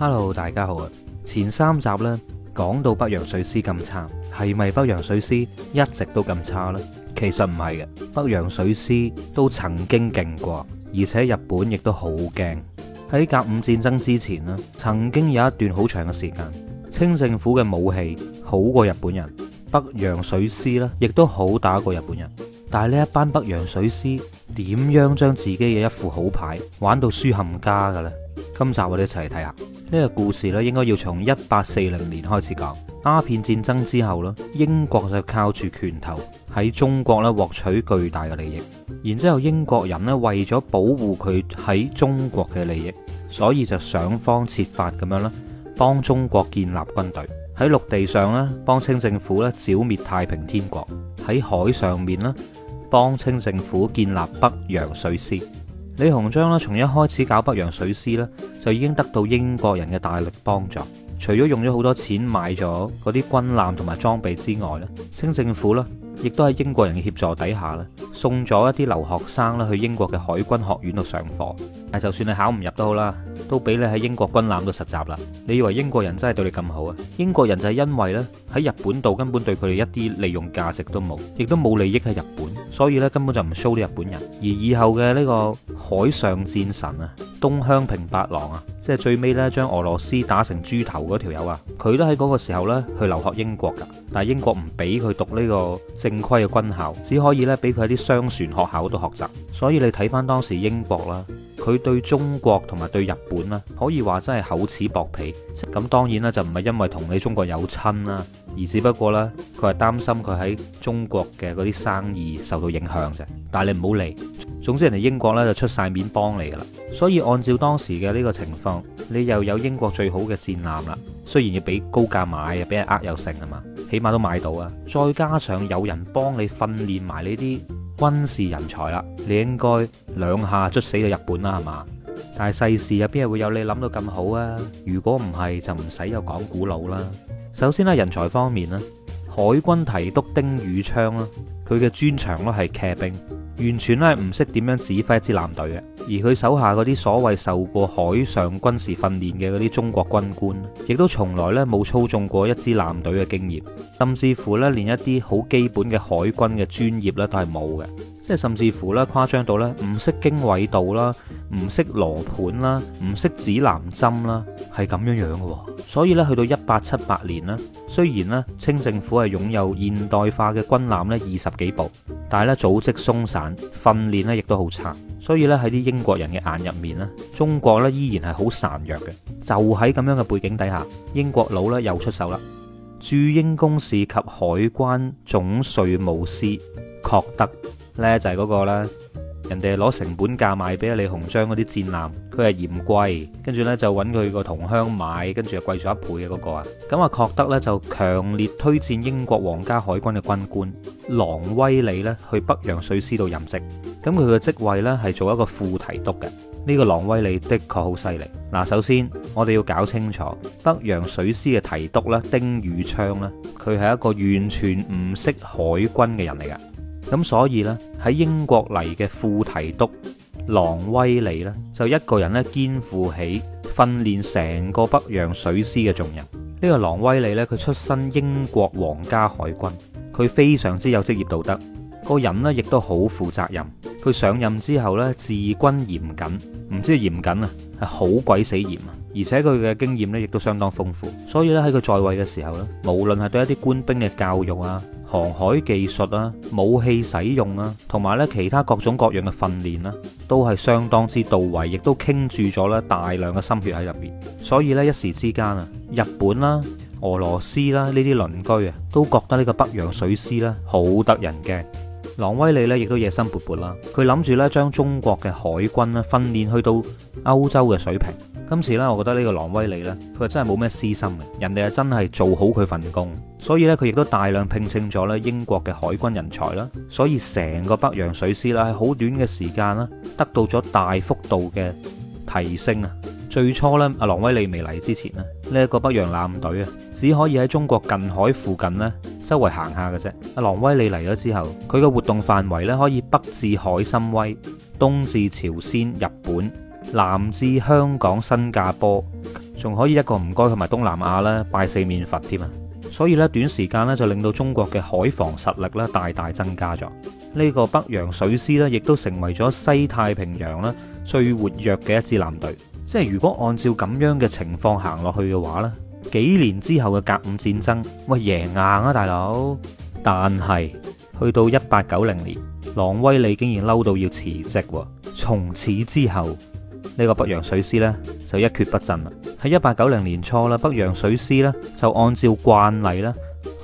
hello，大家好啊！前三集呢講到北洋水師咁差，係咪北洋水師一直都咁差呢？其實唔係嘅，北洋水師都曾經勁過，而且日本亦都好驚。喺甲午戰爭之前呢，曾經有一段好長嘅時間，清政府嘅武器好過日本人，北洋水師呢亦都好打過日本人。但係呢一班北洋水師點樣將自己嘅一副好牌玩到輸冚家嘅呢？今集我哋一齊嚟睇下。呢個故事咧應該要從一八四零年開始講。鴉片戰爭之後啦，英國就靠住拳頭喺中國咧獲取巨大嘅利益。然之後英國人咧為咗保護佢喺中國嘅利益，所以就想方設法咁樣咧幫中國建立軍隊喺陸地上咧幫清政府咧剿滅太平天國，喺海上面咧幫清政府建立北洋水師。李鴻章呢，從一開始搞北洋水師呢，就已經得到英國人嘅大力幫助。除咗用咗好多錢買咗嗰啲軍艦同埋裝備之外，呢清政府呢。亦都喺英國人嘅協助底下啦，送咗一啲留學生啦去英國嘅海軍學院度上課。但係就算你考唔入都好啦，都俾你喺英國軍艦度實習啦。你以為英國人真係對你咁好啊？英國人就係因為咧喺日本度根本對佢哋一啲利用價值都冇，亦都冇利益喺日本，所以咧根本就唔收啲日本人。而以後嘅呢個海上戰神啊，東鄉平八郎啊，即係最尾咧將俄羅斯打成豬頭嗰條友啊，佢都喺嗰個時候咧去留學英國㗎，但係英國唔俾佢讀呢個正規嘅軍校只可以咧俾佢喺啲商船學校度學習，所以你睇翻當時英國啦，佢對中國同埋對日本啦，可以話真係厚此薄彼。咁當然啦，就唔係因為同你中國有親啦，而只不過咧佢係擔心佢喺中國嘅嗰啲生意受到影響啫。但係你唔好嚟。總之人哋英國咧就出晒面幫你噶啦，所以按照當時嘅呢個情況，你又有英國最好嘅戰艦啦。雖然要俾高價買，俾人呃又成啊嘛，起碼都買到啊。再加上有人幫你訓練埋呢啲軍事人才啦，你應該兩下卒死咗日本啦，係嘛？但係世事啊，邊係會有你諗到咁好啊？如果唔係，就唔使有講古佬啦。首先啦，人才方面呢，海軍提督丁汝昌啦，佢嘅專長咯係騎兵。完全咧唔識點樣指揮一支艦隊嘅，而佢手下嗰啲所謂受過海上軍事訓練嘅嗰啲中國軍官，亦都從來咧冇操縱過一支艦隊嘅經驗，甚至乎咧連一啲好基本嘅海軍嘅專業咧都係冇嘅。即係甚至乎咧，誇張到咧，唔識經緯度啦，唔識羅盤啦，唔識指南針啦，係咁樣樣嘅喎。所以咧，去到一八七八年咧，雖然呢，清政府係擁有現代化嘅軍艦呢二十幾部，但係咧組織鬆散，訓練呢亦都好差。所以咧喺啲英國人嘅眼入面呢，中國呢依然係好孱弱嘅。就喺咁樣嘅背景底下，英國佬呢又出手啦。駐英公使及海關總稅務司確得。咧就係嗰、那個咧，人哋攞成本價賣俾阿李鴻章嗰啲戰艦，佢係嫌貴，跟住呢，就揾佢個同鄉買，跟住又貴咗一倍嘅嗰、那個啊。咁啊，赫德呢，就強烈推薦英國皇家海軍嘅軍官郎威里呢，去北洋水師度任職。咁佢嘅職位呢，係做一個副提督嘅。呢、這個郎威里的確好犀利。嗱，首先我哋要搞清楚北洋水師嘅提督咧丁汝昌咧，佢係一個完全唔識海軍嘅人嚟㗎。咁所以呢，喺英國嚟嘅副提督郎威里呢，就一個人呢，肩負起訓練成個北洋水師嘅重任。呢、這個郎威里呢，佢出身英國皇家海軍，佢非常之有職業道德，個人呢亦都好負責任。佢上任之後呢，治軍嚴謹，唔知嚴謹啊，係好鬼死嚴啊！而且佢嘅經驗呢亦都相當豐富。所以咧，喺佢在位嘅時候呢，無論係對一啲官兵嘅教育啊，航海技術啊、武器使用啊，同埋咧其他各種各樣嘅訓練啦，都係相當之到位，亦都傾注咗咧大量嘅心血喺入面。所以咧一時之間啊，日本啦、俄羅斯啦呢啲鄰居啊，都覺得呢個北洋水師啦好得人驚。郎威里咧亦都野心勃勃啦，佢諗住咧將中國嘅海軍咧訓練去到歐洲嘅水平。今次咧，我覺得呢個郎威里呢，佢係真係冇咩私心嘅，人哋係真係做好佢份工，所以呢，佢亦都大量聘請咗咧英國嘅海軍人才啦，所以成個北洋水師咧喺好短嘅時間啦，得到咗大幅度嘅提升啊！最初呢，阿郎威里未嚟之前呢，呢、呢、一個北洋艦隊啊，只可以喺中國近海附近呢，周圍行下嘅啫。阿郎威里嚟咗之後，佢嘅活動範圍呢，可以北至海參崴，東至朝鮮、日本。南至香港、新加坡，仲可以一個唔該同埋東南亞咧，拜四面佛添啊！所以咧，短時間呢，就令到中國嘅海防實力咧大大增加咗。呢個北洋水師呢，亦都成為咗西太平洋咧最活躍嘅一支艦隊。即係如果按照咁樣嘅情況行落去嘅話呢，幾年之後嘅甲午戰爭喂贏硬啊，大佬！但係去到一八九零年，郎威里竟然嬲到要辭職，從此之後，呢個北洋水師呢，就一蹶不振啦。喺一八九零年初啦，北洋水師呢，就按照慣例咧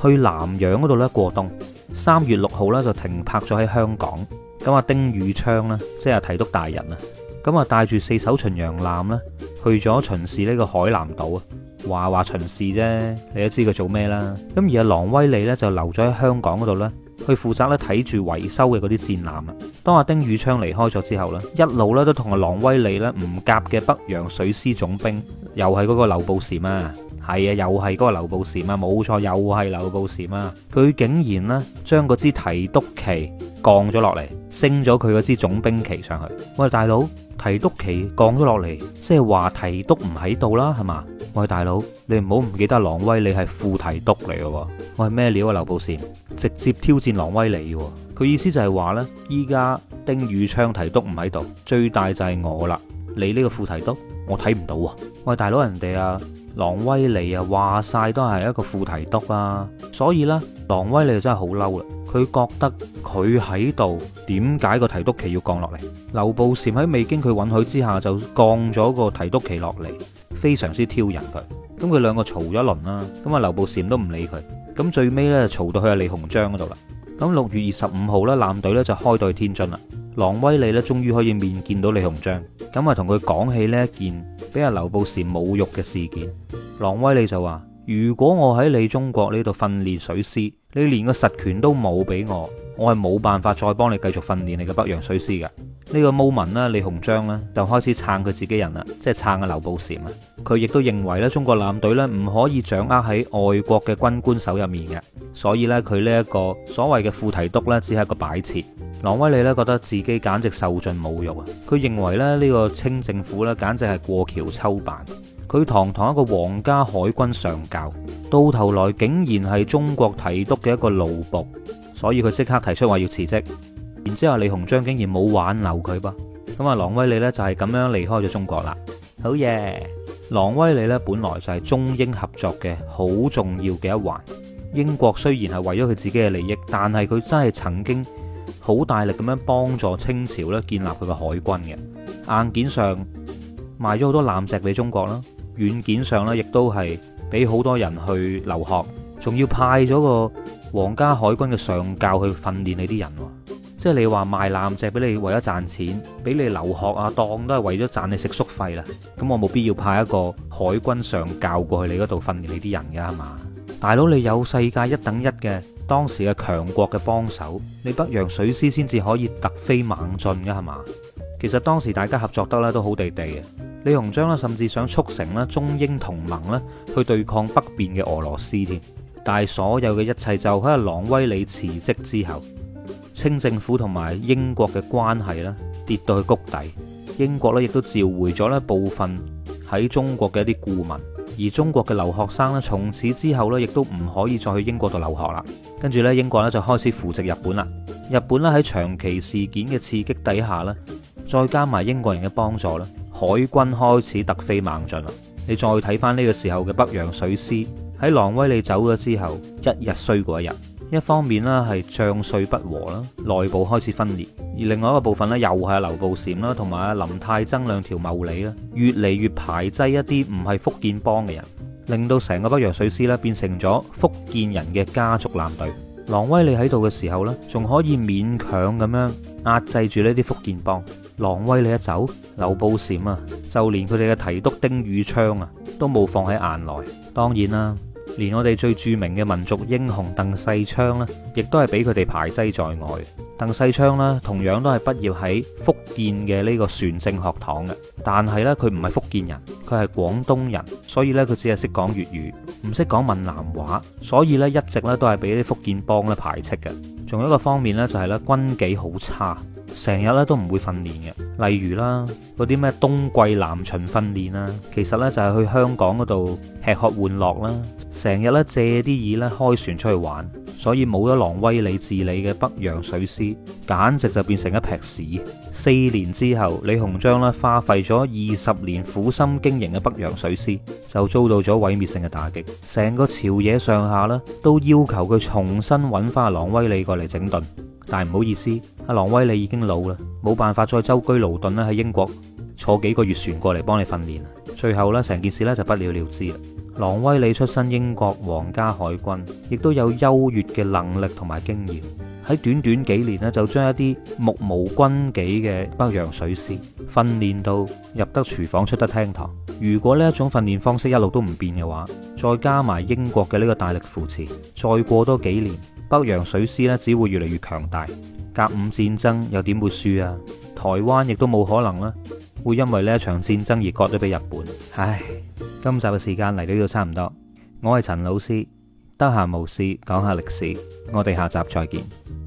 去南洋嗰度咧過冬。三月六號呢，就停泊咗喺香港。咁阿丁汝昌呢，即係提督大人啊，咁啊帶住四艘巡洋艦呢，去咗巡視呢個海南島啊，話話巡視啫，你都知佢做咩啦。咁而阿郎威里呢，就留咗喺香港嗰度呢。佢負責咧睇住維修嘅嗰啲戰艦啊。當阿丁汝昌離開咗之後咧，一路咧都同阿郎威里咧唔夾嘅北洋水師總兵，又係嗰個劉步蟾啊，係啊，又係嗰個劉步蟾啊，冇錯，又係劉步蟾啊，佢竟然咧將嗰支提督旗降咗落嚟，升咗佢嗰支總兵旗上去。喂，大佬！提督旗降咗落嚟，即係話提督唔喺度啦，係嘛？喂，大佬，你唔好唔記得郎威里係副提督嚟嘅，我係咩料啊？劉步善直接挑戰郎威里，佢意思就係話呢，依家丁宇昌提督唔喺度，最大就係我啦，你呢個副提督我睇唔到啊！喂，大佬，人哋啊，郎威里啊，話晒都係一個副提督啊，所以呢，郎威里就真係好嬲啦。佢覺得佢喺度，點解個提督旗要降落嚟？劉步蟾喺未經佢允許之下就降咗個提督旗落嚟，非常之挑釁佢。咁佢兩個嘈咗一輪啦。咁啊，劉步蟾都唔理佢。咁最尾呢，嘈到去阿李鴻章嗰度啦。咁六月二十五號呢，艦隊呢就開到去天津啦。郎威利呢，終於可以面見到李鴻章。咁啊，同佢講起呢一件俾阿劉步蟾侮辱嘅事件，郎威利就話。如果我喺你中國呢度訓練水師，你連個實權都冇俾我，我係冇辦法再幫你繼續訓練你嘅北洋水師嘅。呢、這個 moment 呢，李鴻章呢，就開始撐佢自己人啦，即係撐啊劉步蟾啊。佢亦都認為咧，中國艦隊呢，唔可以掌握喺外國嘅軍官手入面嘅，所以呢，佢呢一個所謂嘅副提督呢，只係一個擺設。琅威利呢，覺得自己簡直受盡侮辱啊！佢認為咧呢個清政府呢，簡直係過橋抽板。佢堂堂一個皇家海軍上校，到頭來竟然係中國提督嘅一個奴僕，所以佢即刻提出話要辭職。然之後李鴻章竟然冇挽留佢噃，咁啊，郎威里呢，就係咁樣離開咗中國啦。好嘢耶，郎威里咧本來就係中英合作嘅好重要嘅一環。英國雖然係為咗佢自己嘅利益，但係佢真係曾經好大力咁樣幫助清朝咧建立佢嘅海軍嘅。硬件上賣咗好多艦隻俾中國啦。軟件上咧，亦都係俾好多人去留學，仲要派咗個皇家海軍嘅上教去訓練你啲人喎。即係你話賣艦隻俾你為咗賺錢，俾你留學啊，當都係為咗賺你食宿費啦。咁我冇必要派一個海軍上教過去你嗰度訓練你啲人㗎係嘛？大佬你有世界一等一嘅當時嘅強國嘅幫手，你北洋水師先至可以突飛猛進㗎係嘛？其實當時大家合作得咧都好地地嘅。李鴻章咧甚至想促成咧中英同盟咧去對抗北邊嘅俄羅斯添。但係所有嘅一切就喺阿郎威里辭職之後，清政府同埋英國嘅關係咧跌到去谷底。英國咧亦都召回咗咧部分喺中國嘅一啲顧問，而中國嘅留學生咧從此之後咧亦都唔可以再去英國度留學啦。跟住咧英國咧就開始扶植日本啦。日本咧喺長期事件嘅刺激底下咧。再加埋英國人嘅幫助咧，海軍開始突飛猛進啦。你再睇返呢個時候嘅北洋水師喺郎威里走咗之後，一日衰過一日。一方面呢係將帥不和啦，內部開始分裂；而另外一個部分呢又係阿劉步蟾啦，同埋阿林泰曾兩條茂利啦，越嚟越排擠一啲唔係福建幫嘅人，令到成個北洋水師咧變成咗福建人嘅家族艦隊。郎威里喺度嘅時候呢仲可以勉強咁樣壓制住呢啲福建幫。郎威里一走，劉步蟾啊，就連佢哋嘅提督丁汝昌啊，都冇放喺眼內。當然啦、啊，連我哋最著名嘅民族英雄鄧世昌呢、啊，亦都係俾佢哋排擠在外。鄧世昌呢、啊，同樣都係畢業喺福建嘅呢個船政學堂嘅，但係呢，佢唔係福建人，佢係廣東人，所以呢，佢只係識講粵語，唔識講閩南話，所以呢，一直咧都係俾啲福建幫咧排斥嘅。仲有一個方面呢，就係咧軍紀好差。成日咧都唔會訓練嘅，例如啦，嗰啲咩冬季南巡訓練啊，其實呢就係去香港嗰度吃喝玩樂啦，成日呢借啲椅呢開船出去玩，所以冇咗郎威里治理嘅北洋水師，簡直就變成一劈屎。四年之後，李鴻章呢花費咗二十年苦心經營嘅北洋水師就遭到咗毀滅性嘅打擊，成個朝野上下呢都要求佢重新揾翻阿郎威里過嚟整頓，但係唔好意思。阿郎威里已經老啦，冇辦法再舟車勞頓啦。喺英國坐幾個月船過嚟幫你訓練，最後呢，成件事呢就不了了之啦。郎威里出身英國皇家海軍，亦都有優越嘅能力同埋經驗。喺短短幾年呢，就將一啲目無軍紀嘅北洋水師訓練到入得廚房出得廳堂。如果呢一種訓練方式一路都唔變嘅話，再加埋英國嘅呢個大力扶持，再過多幾年，北洋水師呢只會越嚟越強大。甲午戰爭又點會輸啊？台灣亦都冇可能啦，會因為呢一場戰爭而割咗俾日本。唉，今集嘅時間嚟到呢度差唔多，我係陳老師，得閒無事講下歷史，我哋下集再見。